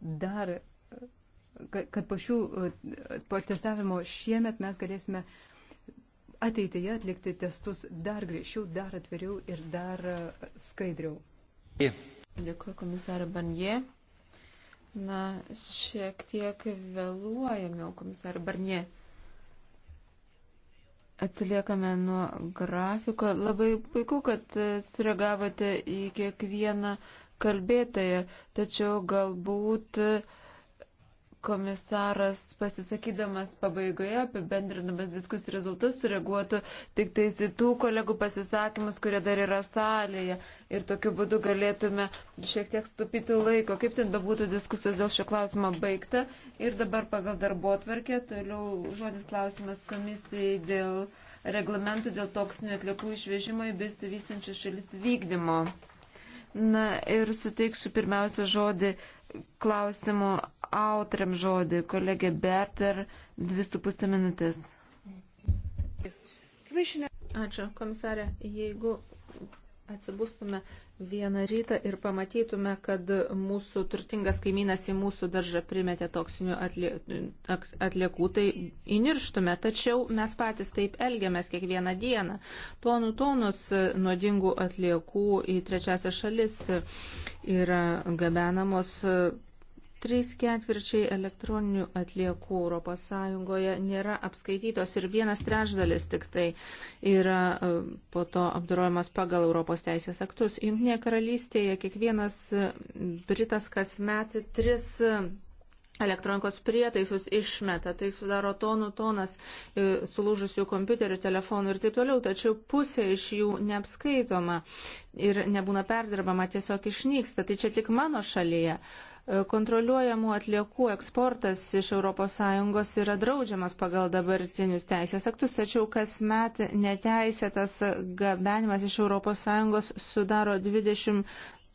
dar, kad po šių, po testavimo šiemet mes galėsime ateityje atlikti testus dar grįžčiau, dar atviriau ir dar skaidriau. Dėkuoju komisarą Banje. Na, šiek tiek vėluojame, jau komisarą Barnie. Atsiliekame nuo grafiko. Labai puiku, kad sureagavote į kiekvieną uh, kalbėtoje, tačiau galbūt komisaras pasisakydamas pabaigoje apibendrinamas diskusijų rezultatus reaguotų tik tais į tų kolegų pasisakymus, kurie dar yra salėje. Ir tokiu būdu galėtume šiek tiek stupyti laiko, kaip ten bebūtų diskusijos dėl šio klausimo baigta. Ir dabar pagal darbo atvarkę, toliau žodis klausimas komisijai dėl reglamentų dėl toksinių atliekų išvežimo į besivystančias šalis vykdymo. Na ir suteiksiu pirmiausia žodį klausimų autoriam žodį, kolegė Berter, dvi su pusė minutės. Ačiū, komisarė. Jeigu atsibustume vieną rytą ir pamatytume, kad mūsų turtingas kaimynas į mūsų daržą primetė toksinių atlie, atliekų, tai įnirštume. Tačiau mes patys taip elgiamės kiekvieną dieną. Tonų tonus nuodingų atliekų į trečiasią šalis yra gabenamos Trys ketvirčiai elektroninių atliekų ES nėra apskaitytos ir vienas trečdalis tik tai yra e, po to apdorojamas pagal Europos teisės aktus. Junktinėje karalystėje kiekvienas e, Britas kasmet tris e, elektronikos prietaisus išmeta, tai sudaro tonų tonas sulūžusių kompiuterių, telefonų ir taip toliau, tačiau pusė iš jų neapskaitoma ir nebūna perdirbama, tiesiog išnyksta. Tai čia tik mano šalyje. Uh, Kontroliuojamų atliekų eksportas iš ES yra draudžiamas pagal dabartinius teisės aktus, tačiau kasmet neteisėtas gabenimas iš ES sudaro 20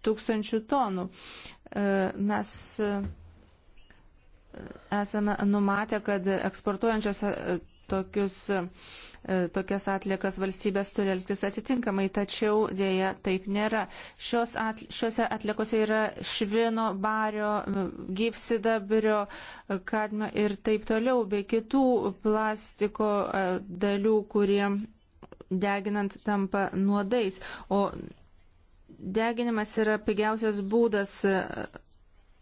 tūkstančių tonų. E, mes e, esame numatę, kad eksportuojančios tokius, e, tokias atliekas valstybės turi elgtis atitinkamai, tačiau dėja taip nėra. Šios at, šiuose atliekose yra švino, bario, gyvsidabrio, kadmio ir taip toliau, bei kitų plastiko e, dalių, kurie deginant tampa nuodais. O deginimas yra pigiausias būdas e,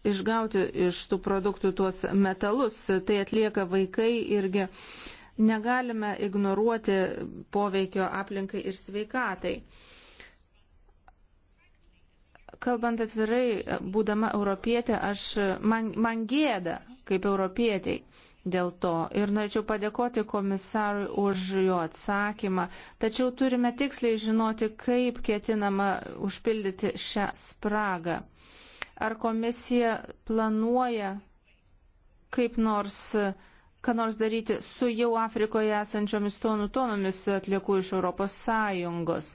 išgauti iš tų produktų tuos metalus. Tai atlieka vaikai irgi Negalime ignoruoti poveikio aplinkai ir sveikatai. Kalbant atvirai, būdama europietė, aš, man, man gėda kaip europietiai dėl to. Ir norėčiau padėkoti komisarui už jo atsakymą. Tačiau turime tiksliai žinoti, kaip ketinama užpildyti šią spragą. Ar komisija planuoja kaip nors uh, ką nors daryti su jau Afrikoje esančiomis tonų tonomis atliekų iš Europos Sąjungos.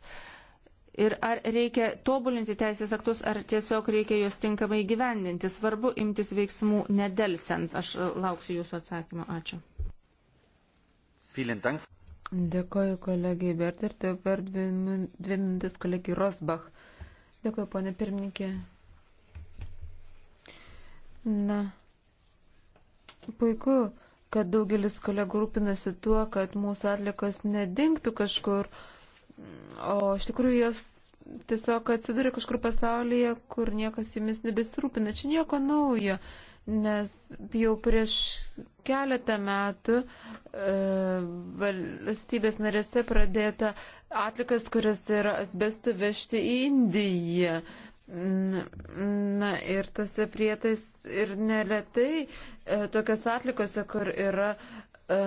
Ir ar reikia tobulinti teisės aktus, ar tiesiog reikia juos tinkamai gyvendinti. Svarbu imtis veiksmų nedelsiant. Aš e, lauksiu jūsų atsakymą. Ačiū. Dėkoju kolegijai Berter, dabar dvi minutės kolegijai Rosbach. Dėkoju, ponė pirmininkė. Na, puiku, kad daugelis kolegų rūpinasi tuo, kad mūsų atlikos nedingtų kažkur, o iš tikrųjų jos tiesiog atsiduria kažkur pasaulyje, kur niekas jumis nebesirūpina. Čia nieko naujo, nes jau prieš keletą metų e, valstybės narėse pradėta atlikas, kuris yra asbestų vežti į Indiją. E, Na, na ir tose prietais ir neletai e, tokios atlikose, kur yra. E,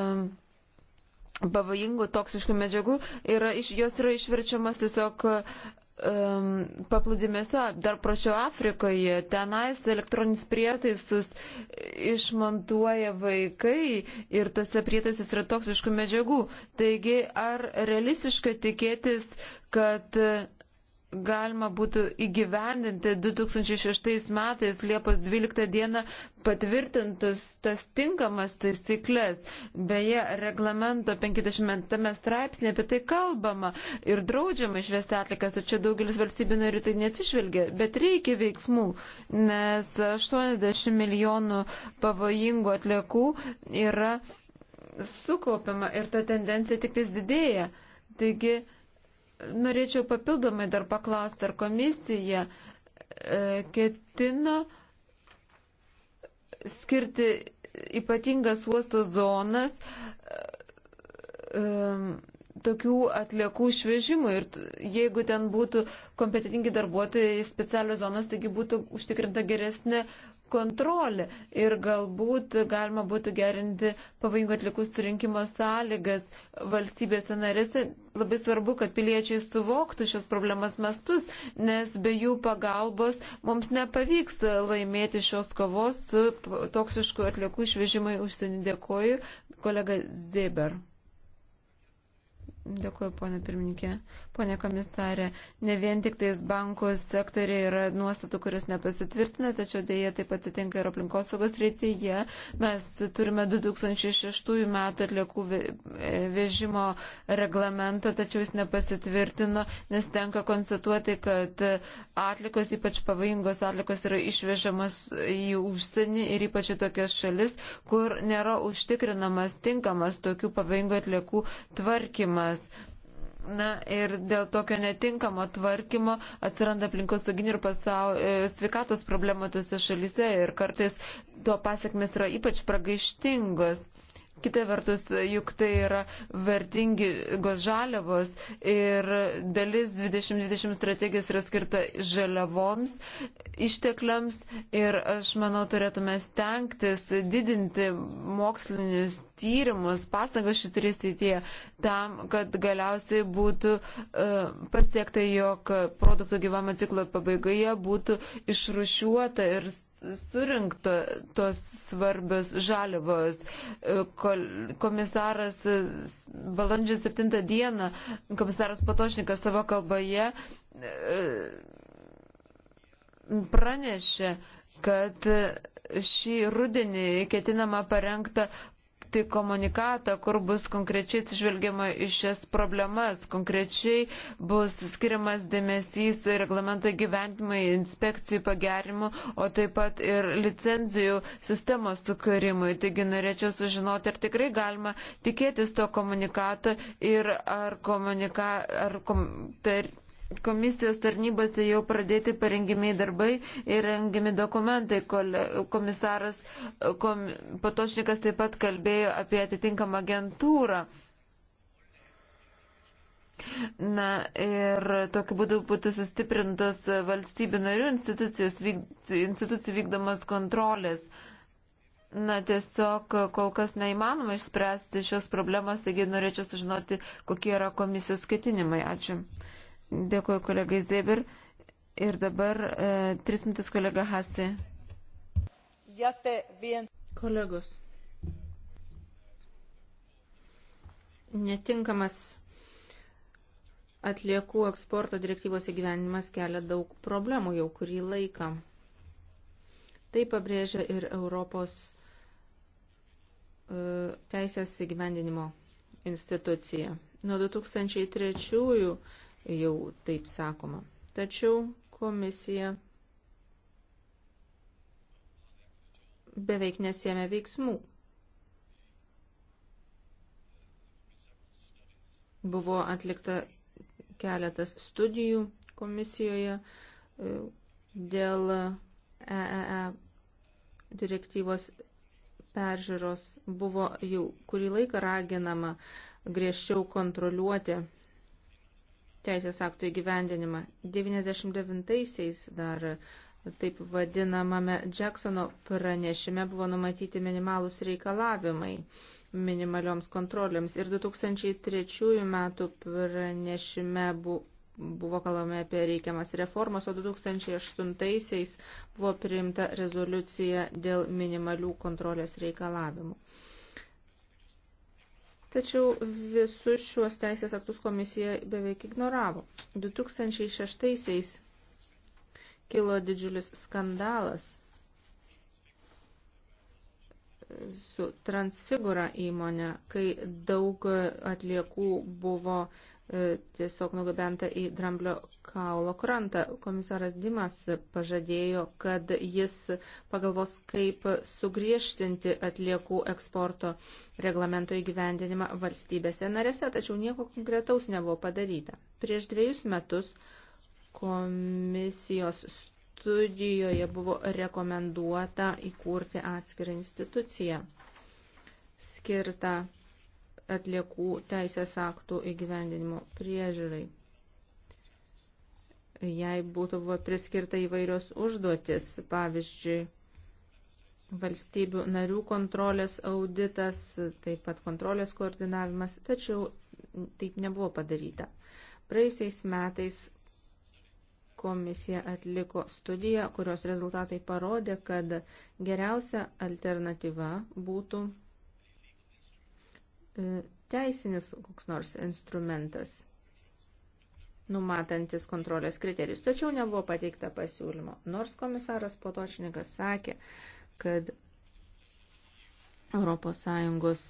pavojingų toksiškų medžiagų yra iš, jos yra išverčiamas tiesiog um, paplūdimėse, dar prašiau Afrikoje, tenais elektroninis prietaisus išmontuoja vaikai ir tose prietaisas yra toksiškų medžiagų. Taigi, ar realistiška tikėtis, kad uh, galima būtų įgyvendinti 2006 metais Liepos 12 dieną patvirtintus tas tinkamas taisyklės. Beje, reglamento 50 straipsnė apie tai kalbama ir draudžiama išvesti atlikas, tačiau daugelis valstybių narių tai neatsižvelgia, bet reikia veiksmų, nes 80 milijonų pavojingų atliekų yra sukaupiama ir ta tendencija tik tais didėja. Taigi, norėčiau papildomai dar paklausti, ar komisija e, ketina skirti ypatingas uosto zonas e, tokių atliekų išvežimui ir jeigu ten būtų kompetitingi darbuotojai specialios zonos, taigi būtų užtikrinta geresnė kontrolę ir galbūt galima būtų gerinti pavojingų atlikų surinkimo sąlygas valstybėse narėse. Labai svarbu, kad piliečiai suvoktų šios problemas mastus, nes be jų pagalbos mums nepavyks laimėti šios kovos su toksiškų atliekų išvežimai užsienį. Dėkoju, kolega Zeber. Dėkuoju, ponė pirmininkė. Pone komisarė, ne vien tik tais bankų sektoriai yra nuostatų, kurios nepasitvirtina, tačiau dėja taip atsitinka ir aplinkosaugos reityje. Mes turime 2006 metų atliekų e, vežimo reglamentą, tačiau jis nepasitvirtino, nes tenka konstatuoti, kad atlikos, ypač pavojingos atlikos, yra išvežamas į užsienį ir ypač į tokias šalis, kur nėra užtikrinamas tinkamas tokių pavojingų atliekų tvarkymas centras. Na ir dėl tokio netinkamo tvarkymo atsiranda aplinkosauginių ir pasau, e, sveikatos problemų tose šalyse ir kartais to pasiekmes yra ypač pragaištingos. Kita vertus, juk tai yra vertingi žaliavos ir dalis 2020 strategijos yra skirta žaliavoms, ištekliams ir aš manau turėtume stengtis didinti mokslinius tyrimus, pastangas šitris įtie tam, kad galiausiai būtų uh, pasiekta, jog produkto gyvame ciklo pabaigoje būtų išrušiuota ir surinkto tos svarbios žalivos. E, komisaras e, balandžio 7 dieną, komisaras Patošnikas savo kalboje e, pranešė, kad šį rudenį ketinama parengta parengti komunikatą, kur bus konkrečiai atsižvelgiama iš šias problemas, konkrečiai bus skiriamas dėmesys reglamento gyventimai, inspekcijų pagerimu, o taip pat ir licenzijų sistemos sukūrimui. Taigi norėčiau sužinoti, ar tikrai galima tikėtis to komunikato ir ar, komunika, ar kom, tar, komisijos tarnybose jau pradėti parengimiai darbai ir rengiami dokumentai. Komisaras kom, Patošnikas taip pat kalbėjo apie atitinkamą agentūrą. Na ir tokiu būdu būtų sustiprintas valstybių narių institucijų vykdomas kontrolės. Na tiesiog kol kas neįmanoma išspręsti šios problemos, taigi norėčiau sužinoti, kokie yra komisijos ketinimai. Ačiū. Dėkuoju kolegai Zebir. Ir dabar e, tris mintis kolega Hasi. Kolegos. Netinkamas atliekų eksporto direktyvos įgyvenimas kelia daug problemų jau kurį laiką. Tai pabrėžia ir Europos e, teisės įgyvendinimo institucija. Nuo 2003 jau taip sakoma. Tačiau komisija beveik nesėmė veiksmų. Buvo atlikta keletas studijų komisijoje e, dėl EEE e e direktyvos peržiūros buvo jau kurį laiką raginama griežčiau kontroliuoti teisės aktų įgyvendinimą. 99-aisiais dar taip vadinamame Jacksono pranešime buvo numatyti minimalus reikalavimai minimalioms kontrolėms ir 2003 metų pranešime buvo buvo kalbame apie reikiamas reformas, o 2008-aisiais buvo priimta rezoliucija dėl minimalių kontrolės reikalavimų tačiau visus šiuos teisės aktus komisija beveik ignoravo. 2006-aisiais kilo didžiulis skandalas su transfigura įmonė, kai daug atliekų buvo uh, E, tiesiog nugabenta į Dramblio kaulo krantą. Komisaras Dimas pažadėjo, kad jis pagalvos, kaip sugriežtinti atliekų eksporto reglamento įgyvendinimą valstybėse narėse, tačiau nieko konkretaus nebuvo padaryta. Prieš dviejus metus komisijos studijoje buvo rekomenduota įkurti atskirą instituciją skirtą atliekų teisės aktų įgyvendinimo priežiūrai. Jei būtų priskirta įvairios užduotis, pavyzdžiui, valstybių narių kontrolės auditas, taip pat kontrolės koordinavimas, tačiau taip nebuvo padaryta. Praėjusiais metais komisija atliko studiją, kurios rezultatai parodė, kad geriausia alternatyva būtų E, teisinis koks nors instrumentas numatantis kontrolės kriterijus. Tačiau nebuvo pateikta pasiūlymo. Nors komisaras Potočnikas sakė, kad ES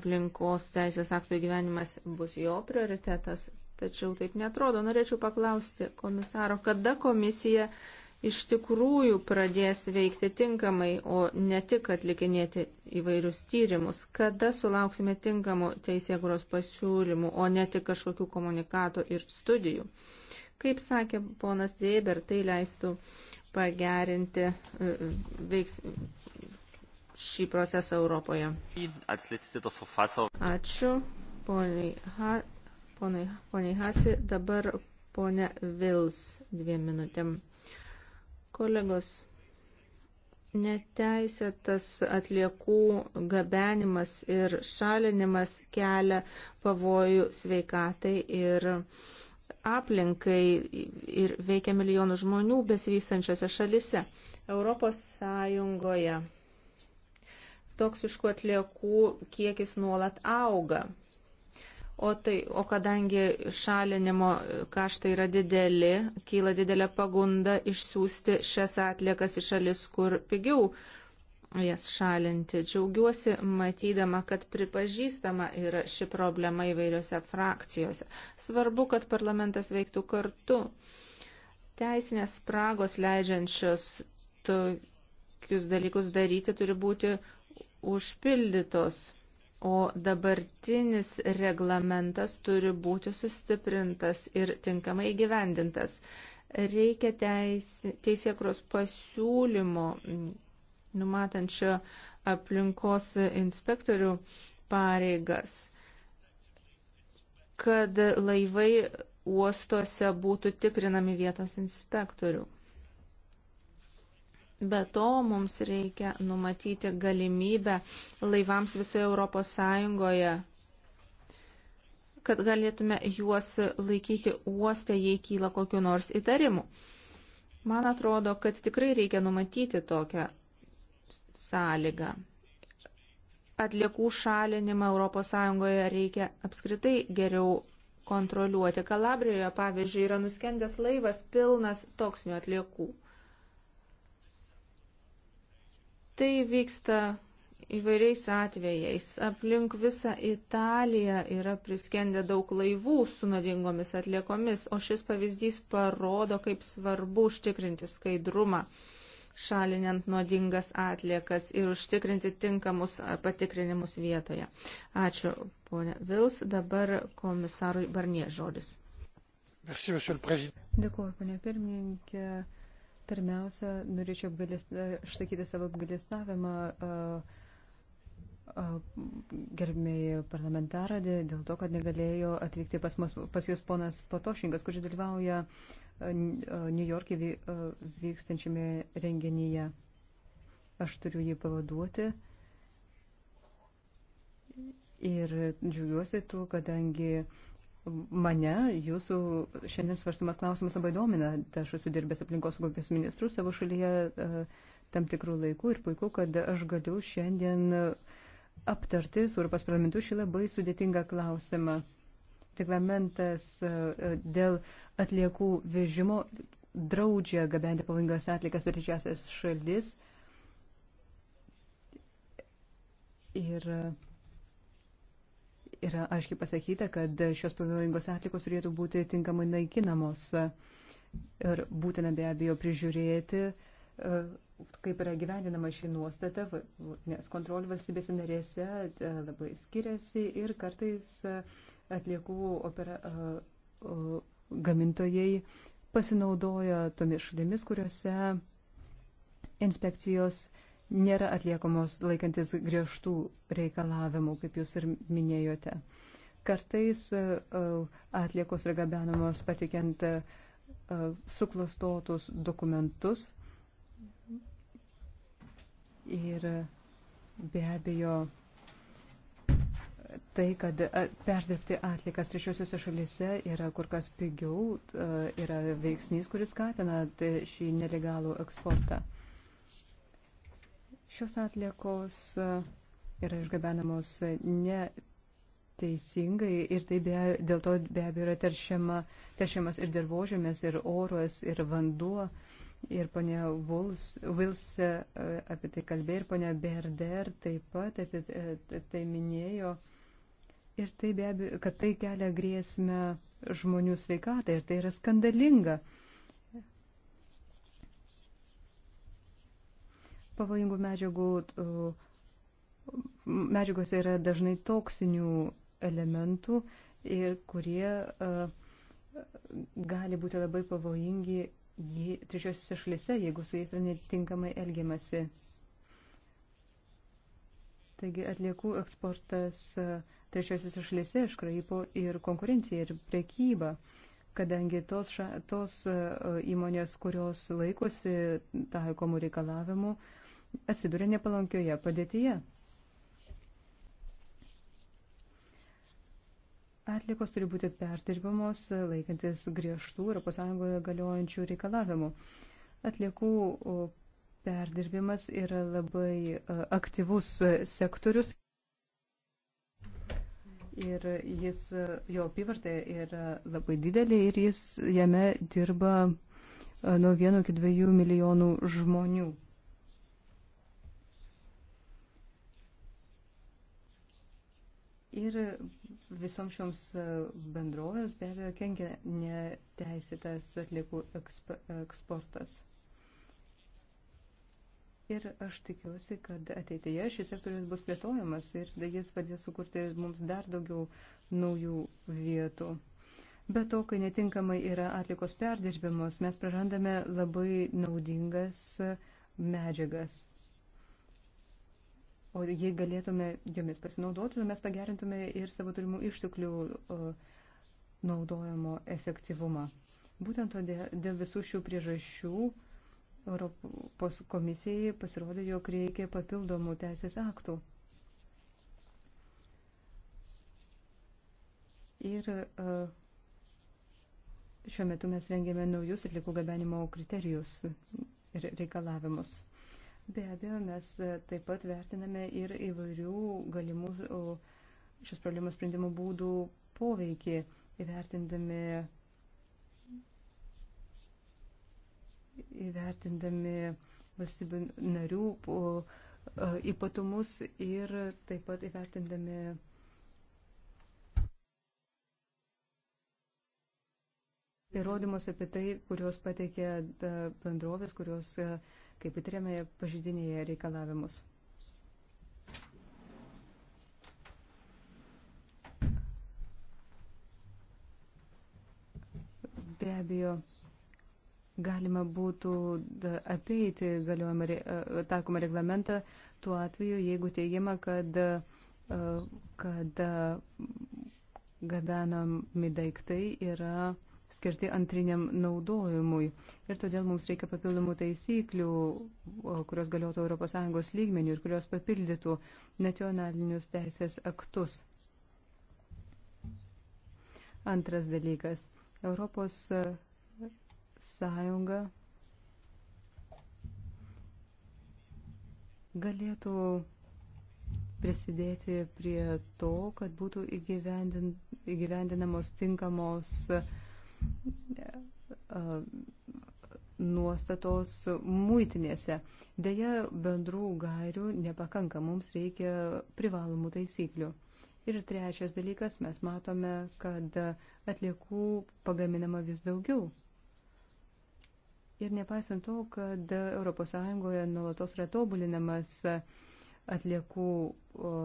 aplinkos teisės aktų įgyvenimas bus jo prioritetas, tačiau taip netrodo. Norėčiau paklausti komisaro, kada komisija iš tikrųjų pradės veikti tinkamai, o ne tik atlikinėti įvairius tyrimus, kada sulauksime tinkamų teisėkuros pasiūlymų, o ne tik kažkokių komunikatų ir studijų. Kaip sakė ponas Dėber, tai leistų pagerinti e, veiks, šį procesą Europoje. Ačiū, poniai, ha, poniai, poniai Hasi. Dabar ponia Vils dviem minutėm. Kolegos, neteisėtas atliekų gabenimas ir šalinimas kelia pavojų sveikatai ir aplinkai ir veikia milijonų žmonių besivystančiose šalise. Europos Sąjungoje toksiškų atliekų kiekis nuolat auga. O, tai, o kadangi šalinimo kaštai yra dideli, kyla didelė pagunda išsiųsti šias atliekas į šalis, kur pigiau jas šalinti. Džiaugiuosi matydama, kad pripažįstama yra ši problema įvairiose frakcijose. Svarbu, kad parlamentas veiktų kartu. Teisinės spragos leidžiančios tokius dalykus daryti turi būti užpildytos o dabartinis reglamentas turi būti sustiprintas ir tinkamai gyvendintas. Reikia teisėkros pasiūlymo, numatančio aplinkos inspektorių pareigas, kad laivai uostuose būtų tikrinami vietos inspektorių. Be to, mums reikia numatyti galimybę laivams visoje Europos Sąjungoje kad galėtume juos laikyti uoste, jei kyla kokiu nors įtarimu. Man atrodo, kad tikrai reikia numatyti tokią sąlygą. Atliekų šalinimą ES reikia apskritai geriau kontroliuoti. Kalabrijoje, pavyzdžiui, yra nuskendęs laivas pilnas toksinių atliekų. Tai vyksta įvairiais atvejais. Aplink visą Italiją yra priskendę daug laivų su nadingomis atliekomis, o šis pavyzdys parodo, kaip svarbu užtikrinti skaidrumą, šalinant nuodingas atliekas ir užtikrinti tinkamus patikrinimus vietoje. Ačiū, ponė Vils. Dabar komisarui Barnie žodis. Merci, Dėkuoju, ponė pirmininkė Pirmiausia, norėčiau e, išsakyti savo apgalėstavimą e, e, gerbėjai parlamentarą dėl to, kad negalėjo atvykti pas, mus, pas jūs ponas Patošingas, kuris dalyvauja New York'e vykstančiame renginyje. Aš turiu jį pavaduoti. Ir džiugiuosi tuo, kadangi Mane jūsų šiandien svarstumas klausimas labai domina. Aš esu dirbęs aplinkos saugos ministrų savo šalyje e, tam tikrų laikų ir puiku, kad aš galiu šiandien e, aptarti su Europos parlamentu šį labai sudėtingą klausimą. Reglamentas e, dėl atliekų vežimo draudžia gabenti pavojingas atliekas trečiasias šalis. Ir uh yra aiškiai pasakyta, kad šios pavojingos atlikos turėtų būti tinkamai naikinamos ir būtina be abejo prižiūrėti, e, kaip yra gyveninama šį nuostatą, nes kontrolė valstybės narėse e, labai skiriasi ir kartais e, atliekų opera, gamintojai pasinaudoja tomis šalimis, kuriuose inspekcijos uh, nėra atliekamos laikantis griežtų reikalavimų, kaip jūs ir minėjote. Kartais e, e, atliekos yra gabenamos patikiant e, suklastotus dokumentus ir be abejo tai, kad perdirbti atlikas trečiosiuose šalise yra kur kas pigiau, yra veiksnys, kuris skatina šį nelegalų eksportą. Šios atliekos e, yra išgabenamos neteisingai ir tai be, dėl to be abejo yra teršiama, teršiamas ir dirbožėmės, ir oras, ir vanduo. Ir ponia Vils e, apie tai kalbėjo, ir ponia Berder taip pat apie e, tai minėjo. Ir tai be abejo, kad tai kelia grėsmę žmonių sveikatai ir tai yra skandalinga. pavojingų medžiagų e, medžiagose yra dažnai toksinių elementų ir kurie e, gali būti labai pavojingi trečiosiuose šalyse, jeigu su jais yra netinkamai elgiamasi. Taigi atliekų eksportas e, trečiosiuose šalyse iškraipo ir konkurenciją, ir prekybą, kadangi tos, ša, tos įmonės, kurios laikosi taikomų reikalavimų, uh, atsiduria nepalankioje padėtyje. Atlikos turi būti perdirbamos laikantis griežtų ES galiojančių reikalavimų. Atliekų perdirbimas yra labai aktyvus sektorius ir jis, jo apyvartė yra labai didelė ir jis jame dirba nuo vieno iki dviejų milijonų žmonių. Ir visoms šioms bendrovėms be abejo kenkia neteisėtas atliekų eksportas. Ir aš tikiuosi, kad ateityje šis sektorius bus plėtojamas ir jis padės sukurti mums dar daugiau naujų vietų. Be to, kai netinkamai yra atlikos perdirbimos, mes prarandame labai naudingas medžiagas. O jei galėtume jomis pasinaudoti, mes pagerintume ir savo turimų išteklių naudojimo efektyvumą. Būtent todėl, dėl visų šių priežasčių Europos komisijai pasirodė, jog reikia papildomų teisės aktų. Ir e, šiuo metu mes rengėme naujus atlikų gabenimo kriterijus ir reikalavimus. Be abejo, mes e, taip pat vertiname ir įvairių galimų šios problemos sprendimo būdų poveikį, įvertindami, įvertindami valstybių narių e, ypatumus ir taip pat įvertindami įrodymus apie tai, kurios pateikė e, bendrovės, kurios, e, kaip įtariame, pažydinėje reikalavimus. Be abejo, galima būtų e, apeiti galiojama, taikoma reglamentą tuo atveju, jeigu teigiama, kad, kad gabenami daiktai yra skirti antriniam naudojimui. Ir todėl mums reikia papildomų taisyklių, kurios galiotų ES lygmenių ir kurios papildytų nacionalinius teisės aktus. Antras dalykas. Europos e, sąjunga galėtų prisidėti prie to, kad būtų įgyvendinamos tinkamos uh, E, nuostatos muitinėse. Deja, bendrų gairių nepakanka, mums reikia privalomų taisyklių. Ir trečias dalykas, mes matome, kad atliekų pagaminama vis daugiau. Ir nepaisant to, kad ES nuolatos yra tobulinamas atliekų e,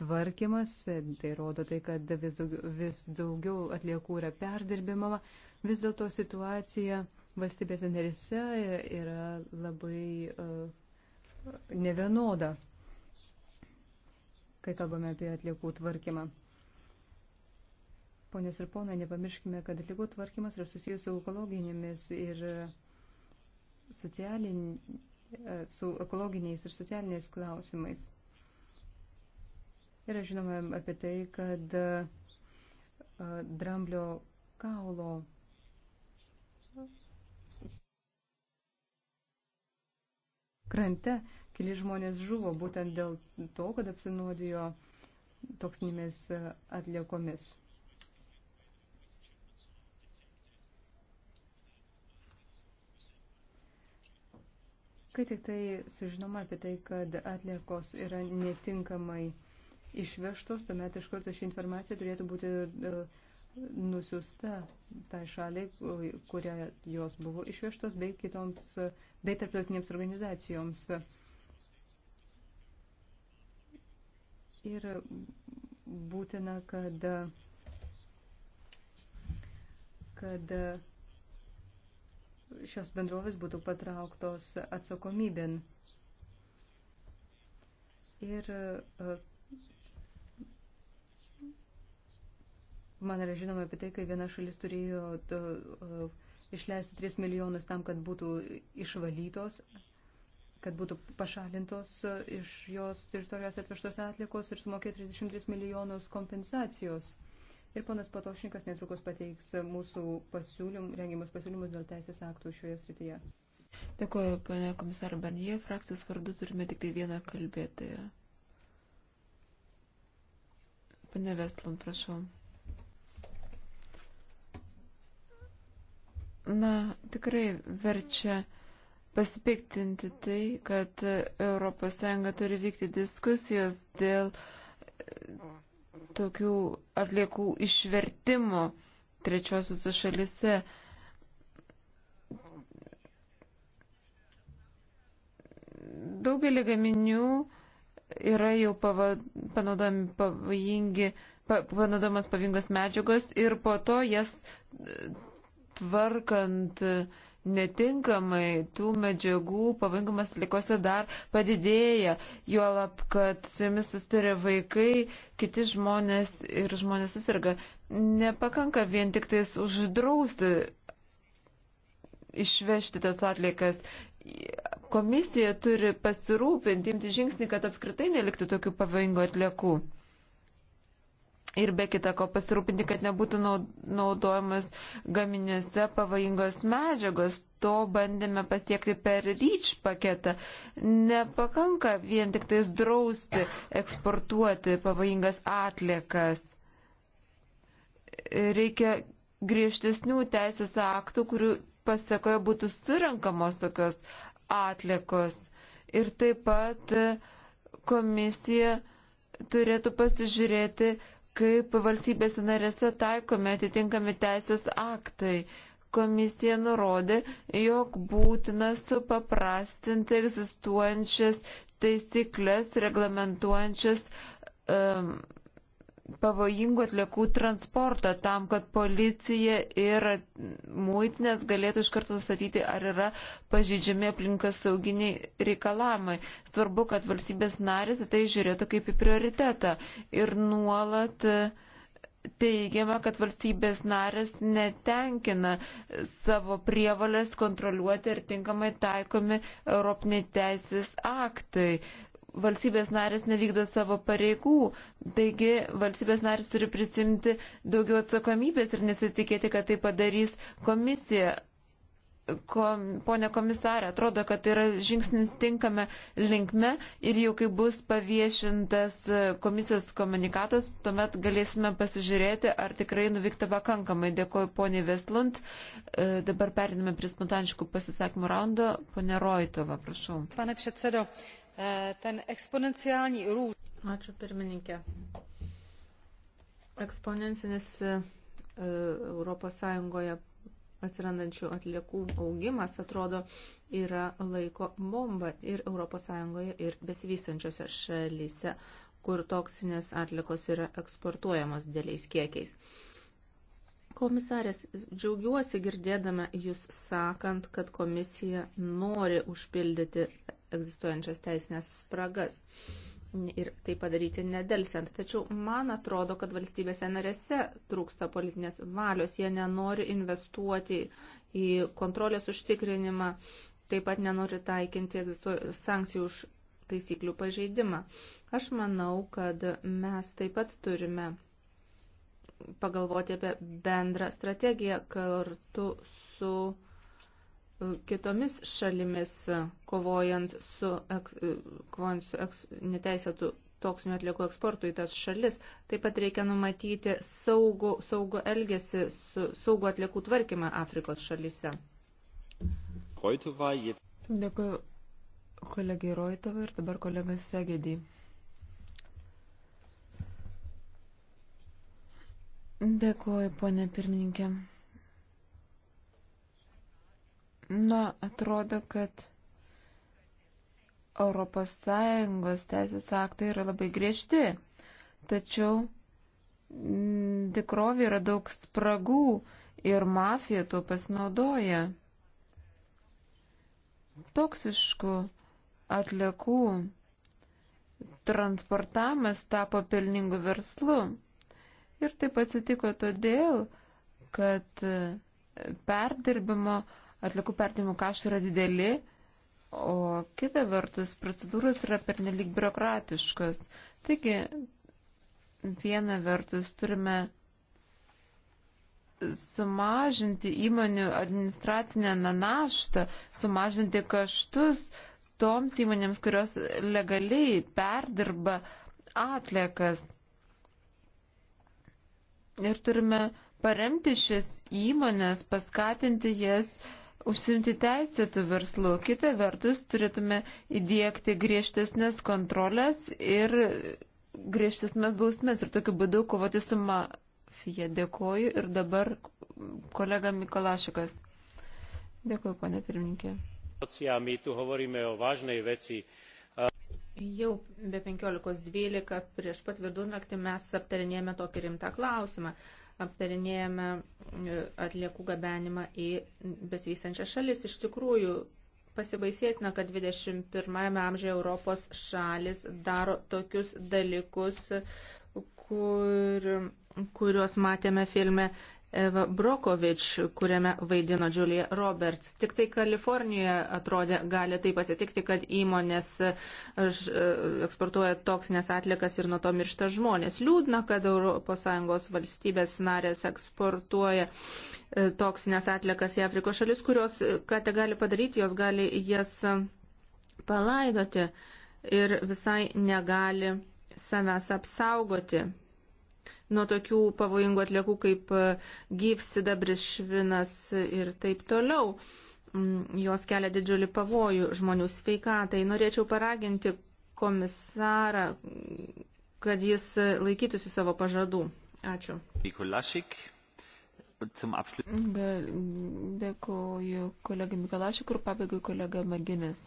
tvarkymas, tai rodo tai, kad vis daugiau, vis daugiau atliekų yra perdirbimama, vis dėlto situacija valstybės narise yra labai uh, nevienoda, kai kalbame apie atliekų tvarkymą. Ponios ir ponai, nepamirškime, kad atliekų tvarkymas yra susijęs su ekologinėmis ir socialin, e, su ekologiniais ir socialiniais klausimais. Yra žinoma apie tai, kad dramblio kaulo krante keli žmonės žuvo būtent dėl to, kad apsinuodijo toksinėmis atliekomis. Kai tik tai sužinoma apie tai, kad atliekos yra netinkamai išvežtos, tuomet iš karto ši informacija turėtų būti e, nusiusta tai šaliai, kuria jos buvo išvežtos, bei kitoms, e, bei tarptautinėms organizacijoms. Ir būtina, kad, kad šios bendrovės būtų patrauktos atsakomybėn. Ir e, Man yra žinoma apie tai, kai viena šalis turėjo to, išleisti 3 milijonus tam, kad būtų išvalytos, kad būtų pašalintos e, iš jos teritorijos atvežtos atlikos ir sumokė 33 milijonus kompensacijos. Ir ponas Patošnikas netrukus pateiks mūsų pasiūlym, rengimus pasiūlymus dėl teisės aktų šioje srityje. Dėkuoju, pane komisar Barnie, frakcijos vardu turime tik tai vieną kalbėtoją. Pane Vestlund, prašau. na, tikrai verčia pasipiktinti tai, kad ES turi vykti diskusijos dėl e, tokių atliekų išvertimo trečiosios šalise. Daugelį gaminių yra jau panaudojami pavojingi, pa, panaudojamas pavojingos medžiagos ir po to jas e, tvarkant netinkamai tų medžiagų pavojingumas likose dar padidėja, juolab, kad su jomis sustarė vaikai, kiti žmonės ir žmonės susirga. Nepakanka vien tik tais uždrausti išvežti tas atliekas. Komisija turi pasirūpinti, imti žingsnį, kad apskritai neliktų tokių pavojingų atliekų ir be kita ko pasirūpinti, kad nebūtų naudojamas gaminiuose pavojingos medžiagos. To bandėme pasiekti per ryč paketą. Nepakanka vien tik tais drausti eksportuoti pavojingas atliekas. Reikia griežtesnių teisės aktų, kurių pasiekoje būtų surinkamos tokios atliekos. Ir taip pat e, komisija turėtų pasižiūrėti, kaip valstybėse narėse taikomi atitinkami teisės aktai. Komisija nurodė, jog būtina supaprastinti egzistuojančias taisyklės reglamentuojančias um, pavojingų atliekų transportą tam, kad policija ir muitinės galėtų iš karto nustatyti, ar yra pažydžiami aplinkas sauginiai reikalavimai. Svarbu, kad valstybės narės tai žiūrėtų kaip į prioritetą ir nuolat e, teigiama, kad valstybės narės netenkina savo prievalės kontroliuoti ir tinkamai taikomi Europiniai teisės aktai valstybės narės nevykdo savo pareigų. Taigi valstybės narės turi prisimti daugiau atsakomybės ir nesitikėti, kad tai padarys komisija. Kom, Pone komisarė, atrodo, kad tai yra žingsnis tinkame linkme ir jau kai bus paviešintas komisijos komunikatas, tuomet galėsime pasižiūrėti, ar tikrai nuvykta pakankamai. Dėkoju poniai Veslund. E, dabar periname prie spontaniškų pasisakymų raundo. Pone Roitova, prašau. Pane předsedo, Eh, ten exponenciální růst. Ačiū pirmininkė. Eksponencinis ES eh, atsirandančių atliekų augimas, atrodo, yra laiko bomba ir ES, ir besivystančiose šalyse, kur toksinės atlikos yra eksportuojamos dėliais kiekiais. Komisarės, džiaugiuosi girdėdama Jūs sakant, kad komisija nori užpildyti egzistuojančias teisinės spragas ir tai padaryti nedelsiant. Tačiau man atrodo, kad valstybėse narėse trūksta politinės valios, jie nenori investuoti į kontrolės užtikrinimą, taip pat nenori taikinti sankcijų už taisyklių pažeidimą. Aš manau, kad mes taip pat turime pagalvoti apie bendrą strategiją kartu su kitomis šalimis, kovojant su, kovojant su eks, neteisėtų toksinių atliekų eksportų į tas šalis. Taip pat reikia numatyti saugų, saugų elgesį, su, saugų atliekų tvarkymą Afrikos šalyse. Dėkui kolegai Roitovai ir dabar kolegas Segedį. Dėkuoju, ponė pirmininkė. Na, atrodo, kad ES teisės aktai yra labai griežti, tačiau mm, tikrovė yra daug spragų ir mafija tuo pasinaudoja. Toksiškų atliekų transportavimas tapo pelningu verslu. Ir taip atsitiko todėl, kad perdirbimo uh, atlikų pertimų kaštai yra dideli, o kita vertus procedūros yra pernelik biurokratiškos. Taigi, viena vertus turime sumažinti įmonių administracinę naštą, sumažinti kaštus toms įmonėms, kurios legaliai perdirba atliekas. Ir turime paremti šias įmonės, paskatinti jas uh, užsimti teisėtų verslų. Kita vertus, turėtume įdėkti griežtesnės kontrolės ir griežtesnės bausmės ir tokiu būdu kovoti su mafija. Dėkoju ir dabar kolega Mikolašikas. Dėkoju, ponė pirmininkė. My tu hovoríme o vážnej veci. Jau be 15.12 prieš pat vidurnaktį mes aptarinėjame tokį rimtą klausimą. Uh, aptarinėjame e, atliekų gabenimą į besivystančias šalis. Iš tikrųjų, pasibaisėtina, kad 21-ame amžiuje Europos šalis daro tokius dalykus, kur, kuriuos matėme filme Eva Brokovič, kuriame vaidino Julia Roberts. Tik tai Kalifornijoje atrodė gali taip atsitikti, kad įmonės e, e, eksportuoja toksinės atlikas ir nuo to miršta žmonės. Liūdna, kad ES valstybės narės eksportuoja e, toksinės atlikas į Afrikos šalis, kurios, ką te gali padaryti, jos gali jas palaidoti ir visai negali savęs apsaugoti nuo tokių pavojingų atliekų kaip e, gyvsidabris, švinas ir taip toliau. Mm, jos kelia didžiulį pavojų žmonių sveikatai. Norėčiau paraginti komisarą, kad jis laikytųsi savo pažadų. Ačiū. Mikulašik. Be, dėkuoju kolegai Mikalašik ir pabaigai kolega Maginis.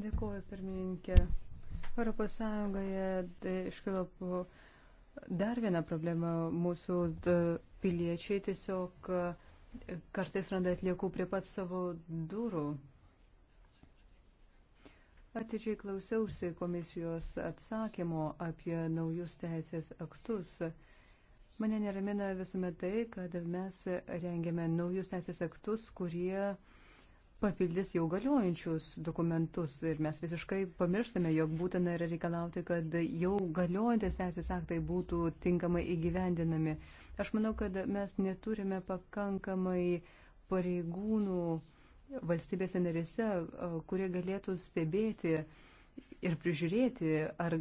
Dėkuoju, pirmininkė. Europos Sąjungoje tai iškilo po Dar viena problema mūsų piliečiai tiesiog e, kartais randa atliekų prie pat savo durų. Atidžiai klausiausi komisijos atsakymo apie naujus teisės aktus. Mane neramina visuomet tai, kad mes rengiame naujus teisės aktus, kurie uh, papildys jau galiojančius dokumentus ir mes visiškai pamirštame, jog būtina yra reikalauti, kad jau galiojantis teisės aktai būtų tinkamai įgyvendinami. Aš manau, kad mes neturime pakankamai pareigūnų valstybėse narise, kurie galėtų stebėti uh, ir prižiūrėti, ar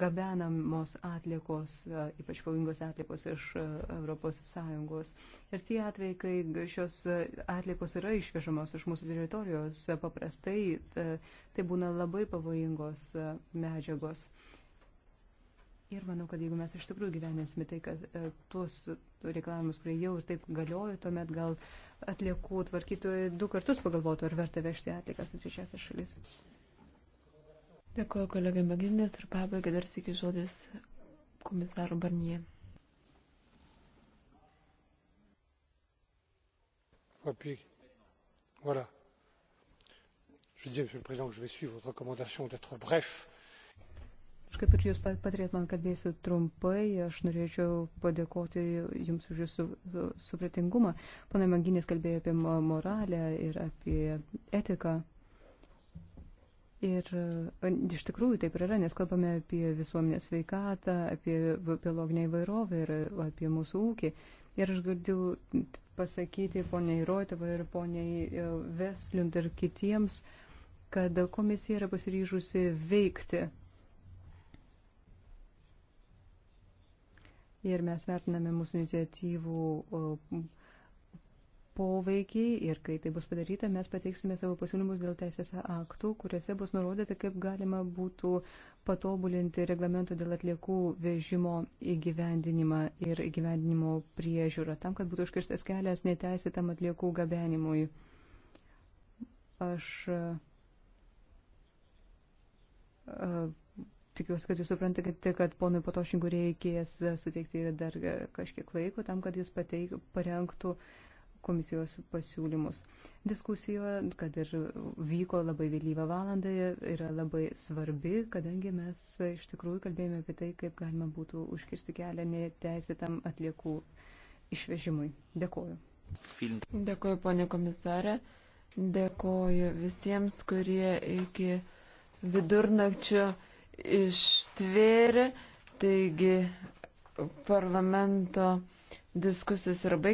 gabenamos atlikos, ypač pavojingos atlikos iš ES. Ir tie atvejai, kai šios atlikos yra išvežamos iš mūsų teritorijos, paprastai tai būna labai pavojingos medžiagos. Ir manau, kad jeigu mes iš tikrųjų gyvenėsime tai, kad e, tuos reikalavimus, kurie jau ir taip galioja, tuomet gal atliekų tvarkytojai du kartus pagalvotų, ar verta vežti atlikas į trečiasias šalis. Dėkuoju kolegai Maginės ir pabaigai dar sėki žodis komisaro Barnie. Voilà. Je disais, Monsieur le Président, que je vais suivre votre recommandation d'être bref. Aš kaip ir jūs patarėt man kalbėsiu trumpai, aš norėčiau padėkoti jums už jūsų supratingumą. Pana Manginės kalbėjo apie moralę ir apie etiką. Ir e, iš tikrųjų taip yra, nes kalbame apie visuomenės sveikatą, apie biologinę įvairovę ir e, apie mūsų ūkį. Ir aš galiu pasakyti poniai Roitovai ir poniai e, Vesliund ir kitiems, kad komisija yra pasiryžusi veikti. Ir mes vertiname mūsų iniciatyvų poveikį ir kai tai bus padaryta, mes pateiksime savo pasiūlymus dėl teisės aktų, kuriuose bus nurodyta, kaip galima būtų patobulinti reglamentų dėl atliekų vežimo įgyvendinimą ir įgyvendinimo priežiūrą, tam, kad būtų užkirstas kelias neteisėtam atliekų gabenimui. Aš Tikiuosi, kad jūs suprantate, kad ponui Patošinkui reikės suteikti dar kažkiek laiko tam, kad jis pateik, parengtų uh, komisijos pasiūlymus. Diskusijoje, kad ir vyko labai vėlyvą valandą, yra labai svarbi, kadangi mes iš tikrųjų kalbėjome apie tai, kaip galima būtų užkirsti kelią neteisėtam atliekų išvežimui. Dėkoju. Dėkoju, ponė komisarė. Dėkoju visiems, kurie iki vidurnakčio ištvėrė. Taigi parlamento diskusijos yra baigtos.